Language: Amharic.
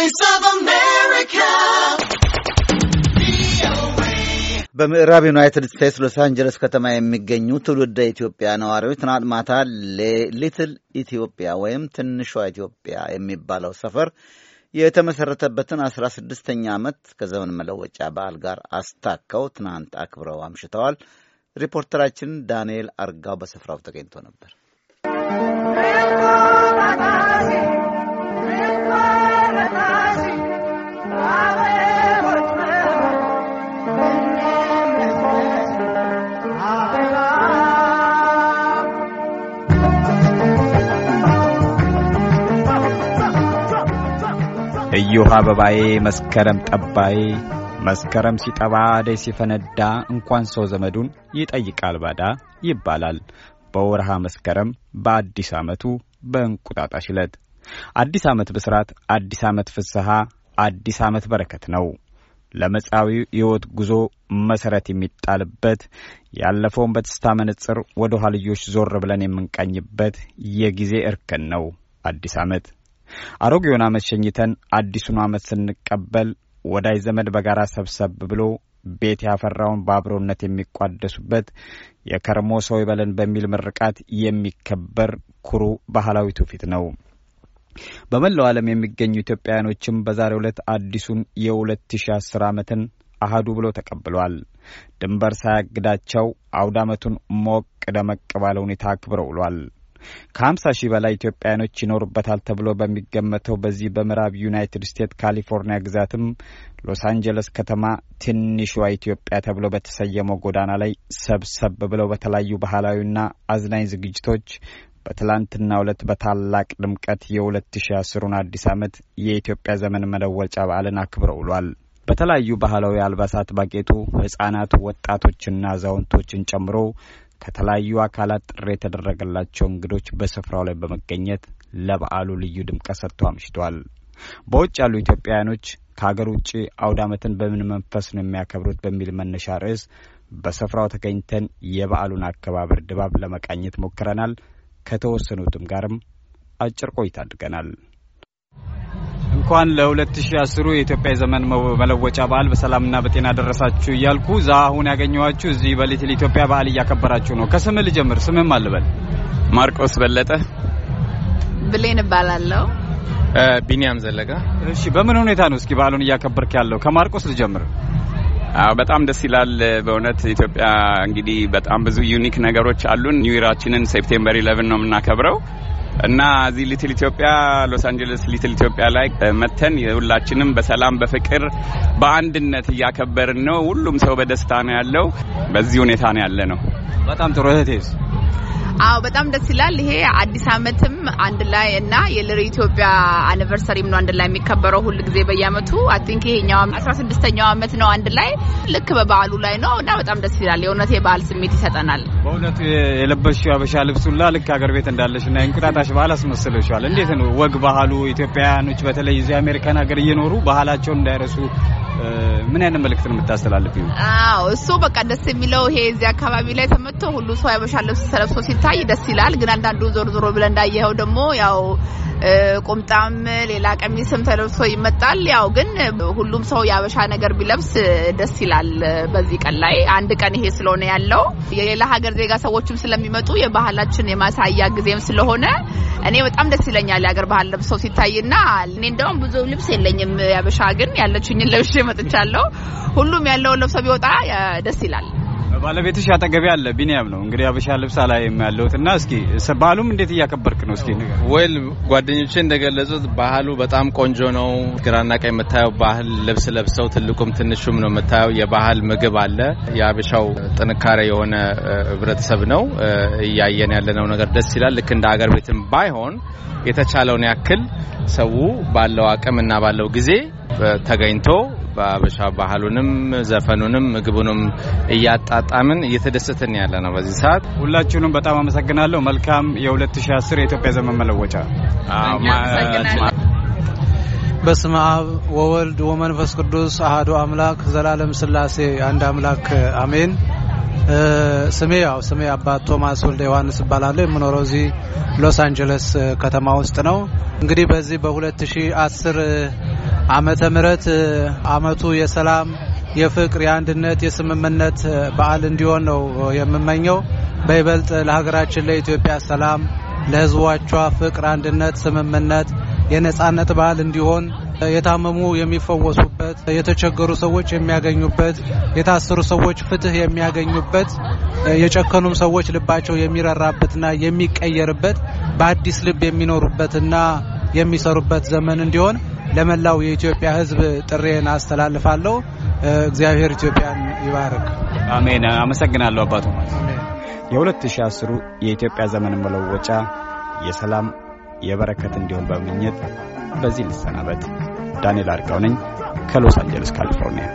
Voice of America. በምዕራብ ዩናይትድ ስቴትስ ሎስ አንጀለስ ከተማ የሚገኙ ትውልደ ኢትዮጵያ ነዋሪዎች ትናንት ማታ ሊትል ኢትዮጵያ ወይም ትንሿ ኢትዮጵያ የሚባለው ሰፈር የተመሰረተበትን አስራ ስድስተኛ ዓመት ከዘመን መለወጫ በዓል ጋር አስታከው ትናንት አክብረው አምሽተዋል። ሪፖርተራችን ዳንኤል አርጋው በስፍራው ተገኝቶ ነበር። እዮሃ አበባዬ መስከረም ጠባዬ መስከረም ሲጠባ አደይ ሲፈነዳ እንኳን ሰው ዘመዱን ይጠይቃል ባዳ ይባላል። በወርሃ መስከረም በአዲስ ዓመቱ በእንቁጣጣሽ ዕለት አዲስ ዓመት ብስራት፣ አዲስ ዓመት ፍስሐ፣ አዲስ ዓመት በረከት ነው። ለመጻዊ ሕይወት ጉዞ መሰረት የሚጣልበት ያለፈውን በትስታ መነጽር ወደ ኋልዮሽ ዞር ብለን የምንቃኝበት የጊዜ እርከን ነው አዲስ ዓመት። አሮጌውን ዓመት ሸኝተን አዲሱን ዓመት ስንቀበል ወዳጅ ዘመድ በጋራ ሰብሰብ ብሎ ቤት ያፈራውን በአብሮነት የሚቋደሱበት የከርሞ ሰው ይበለን በሚል ምርቃት የሚከበር ኩሩ ባህላዊ ትውፊት ነው። በመላው ዓለም የሚገኙ ኢትዮጵያውያኖችም በዛሬው ዕለት አዲሱን የ2010 ዓመትን አህዱ ብሎ ተቀብሏል። ድንበር ሳያግዳቸው አውድ ዓመቱን ሞቅ ደመቅ ባለ ሁኔታ አክብረው ውሏል። ከ50 ሺህ በላይ ኢትዮጵያውያኖች ይኖሩበታል ተብሎ በሚገመተው በዚህ በምዕራብ ዩናይትድ ስቴትስ ካሊፎርኒያ ግዛትም ሎስ አንጀለስ ከተማ ትንሿ ኢትዮጵያ ተብሎ በተሰየመው ጎዳና ላይ ሰብሰብ ብለው በተለያዩ ባህላዊና አዝናኝ ዝግጅቶች በትላንትና ዕለት በታላቅ ድምቀት የ 2010 ሩን አዲስ ዓመት የኢትዮጵያ ዘመን መለወጫ በዓልን አክብረው ውሏል። በተለያዩ ባህላዊ አልባሳት ባጌጡ ሕፃናት ወጣቶችና አዛውንቶችን ጨምሮ ከተለያዩ አካላት ጥሪ የተደረገላቸው እንግዶች በስፍራው ላይ በመገኘት ለበዓሉ ልዩ ድምቀት ሰጥቶ አምሽቷል። በውጭ ያሉ ኢትዮጵያውያኖች ከሀገር ውጭ አውደ ዓመትን በምን መንፈስ ነው የሚያከብሩት በሚል መነሻ ርዕስ በስፍራው ተገኝተን የበዓሉን አከባበር ድባብ ለመቃኘት ሞክረናል። ከተወሰኑትም ጋርም አጭር ቆይታ አድርገናል። እንኳን ለ2010 የኢትዮጵያ የዘመን መለወጫ በዓል በሰላምና በጤና ደረሳችሁ እያልኩ ዛ አሁን ያገኘኋችሁ እዚህ በሊትል ኢትዮጵያ በዓል እያከበራችሁ ነው። ከስም ልጀምር። ስምም አልበል። ማርቆስ በለጠ። ብሌን እባላለሁ። ቢኒያም ዘለጋ። እሺ፣ በምን ሁኔታ ነው እስኪ በዓሉን እያከበርክ ያለው? ከማርቆስ ልጀምር። አዎ በጣም ደስ ይላል። በእውነት ኢትዮጵያ እንግዲህ በጣም ብዙ ዩኒክ ነገሮች አሉን። ኒው ሴፕቴምበር ኢለን ነው የምናከብረው። እና እዚህ ሊትል ኢትዮጵያ ሎስ አንጀለስ ሊትል ኢትዮጵያ ላይ መተን የሁላችንም በሰላም በፍቅር በአንድነት እያከበርን ነው። ሁሉም ሰው በደስታ ነው ያለው። በዚህ ሁኔታ ነው ያለ ነው። በጣም ጥሩ እህቴ አዎ በጣም ደስ ይላል። ይሄ አዲስ ዓመትም አንድ ላይ እና የልር ኢትዮጵያ አኒቨርሰሪም ነው አንድ ላይ የሚከበረው ሁል ጊዜ በየአመቱ አይ ቲንክ ይሄኛው 16ኛው አመት ነው አንድ ላይ ልክ በበዓሉ ላይ ነው እና በጣም ደስ ይላል። የእውነት የበዓል ስሜት ይሰጠናል። በእውነቱ የለበስሽው አበሻ ልብሱላ ልክ ሀገር ቤት እንዳለሽ እና የእንቁጣጣሽ በዓል አስመስለሽዋል። እንዴት ነው ወግ ባህሉ ኢትዮጵያውያኖች በተለይ እዚህ አሜሪካን ሀገር እየኖሩ ባህላቸውን እንዳይረሱ ምን አይነት መልእክት ነው የምታስተላልፊው? አዎ እሱ በቃ ደስ የሚለው ይሄ እዚህ አካባቢ ላይ ተመጥቶ ሁሉ ሰው ያበሻ ልብስ ተለብሶ ሲታይ ቢታይ ደስ ይላል። ግን አንዳንዱ ዞር ዞሮ ብለ እንዳየኸው ደግሞ ያው ቁምጣም ሌላ ቀሚስም ተለብሶ ይመጣል። ያው ግን ሁሉም ሰው የአበሻ ነገር ቢለብስ ደስ ይላል። በዚህ ቀን ላይ አንድ ቀን ይሄ ስለሆነ ያለው የሌላ ሀገር ዜጋ ሰዎችም ስለሚመጡ የባህላችን የማሳያ ጊዜም ስለሆነ እኔ በጣም ደስ ይለኛል የሀገር ባህል ለብሰው ሲታይና እኔ እንደውም ብዙ ልብስ የለኝም ያበሻ ግን ያለችኝን ለብሼ መጥቻለሁ። ሁሉም ያለውን ለብሰው ቢወጣ ደስ ይላል። ባለቤትሽ አጠገቤ አለ ቢኒያም ነው እንግዲህ አበሻ ልብስ አላይም የሚያለውት እና እስኪ በዓሉም እንዴት እያከበርክ ነው? እስኪ ወይል ጓደኞቼ እንደገለጹት ባህሉ በጣም ቆንጆ ነው። ግራና ቀኝ የምታየው ባህል ልብስ ለብሰው ትልቁም ትንሹም ነው የምታየው። የባህል ምግብ አለ። የአበሻው ጥንካሬ የሆነ ህብረተሰብ ነው። እያየን ያለነው ነገር ደስ ይላል። ልክ እንደ አገር ቤትም ባይሆን የተቻለውን ያክል ሰው ባለው አቅምና ባለው ጊዜ ተገኝቶ በአበሻ ባህሉንም ዘፈኑንም ምግቡንም እያጣጣምን እየተደሰትን ያለ ነው በዚህ ሰዓት። ሁላችሁንም በጣም አመሰግናለሁ። መልካም የ2010 የኢትዮጵያ ዘመን መለወጫ። በስመ አብ ወወልድ ወመንፈስ ቅዱስ አህዶ አምላክ ዘላለም ስላሴ አንድ አምላክ አሜን። ስሜ ያው ስሜ አባት ቶማስ ወልደ ዮሐንስ እባላለሁ። የምኖረው እዚህ ሎስ አንጀለስ ከተማ ውስጥ ነው። እንግዲህ በዚህ በ2010 ዓመተ ምሕረት አመቱ የሰላም የፍቅር፣ የአንድነት፣ የስምምነት በዓል እንዲሆን ነው የምመኘው። በይበልጥ ለሀገራችን ለኢትዮጵያ ሰላም፣ ለሕዝቦቿ ፍቅር፣ አንድነት፣ ስምምነት፣ የነጻነት በዓል እንዲሆን የታመሙ የሚፈወሱበት፣ የተቸገሩ ሰዎች የሚያገኙበት፣ የታሰሩ ሰዎች ፍትህ የሚያገኙበት፣ የጨከኑም ሰዎች ልባቸው የሚረራበትና የሚቀየርበት፣ በአዲስ ልብ የሚኖሩበትና የሚሰሩበት ዘመን እንዲሆን ለመላው የኢትዮጵያ ሕዝብ ጥሬን አስተላልፋለሁ። እግዚአብሔር ኢትዮጵያን ይባርክ። አሜን። አመሰግናለሁ አባቱ። የ2010 የኢትዮጵያ ዘመን መለወጫ የሰላም የበረከት እንዲሆን በመመኘት በዚህ ልሰናበት። ዳንኤል አርጋው ነኝ ከሎስ አንጀለስ ካሊፎርኒያ።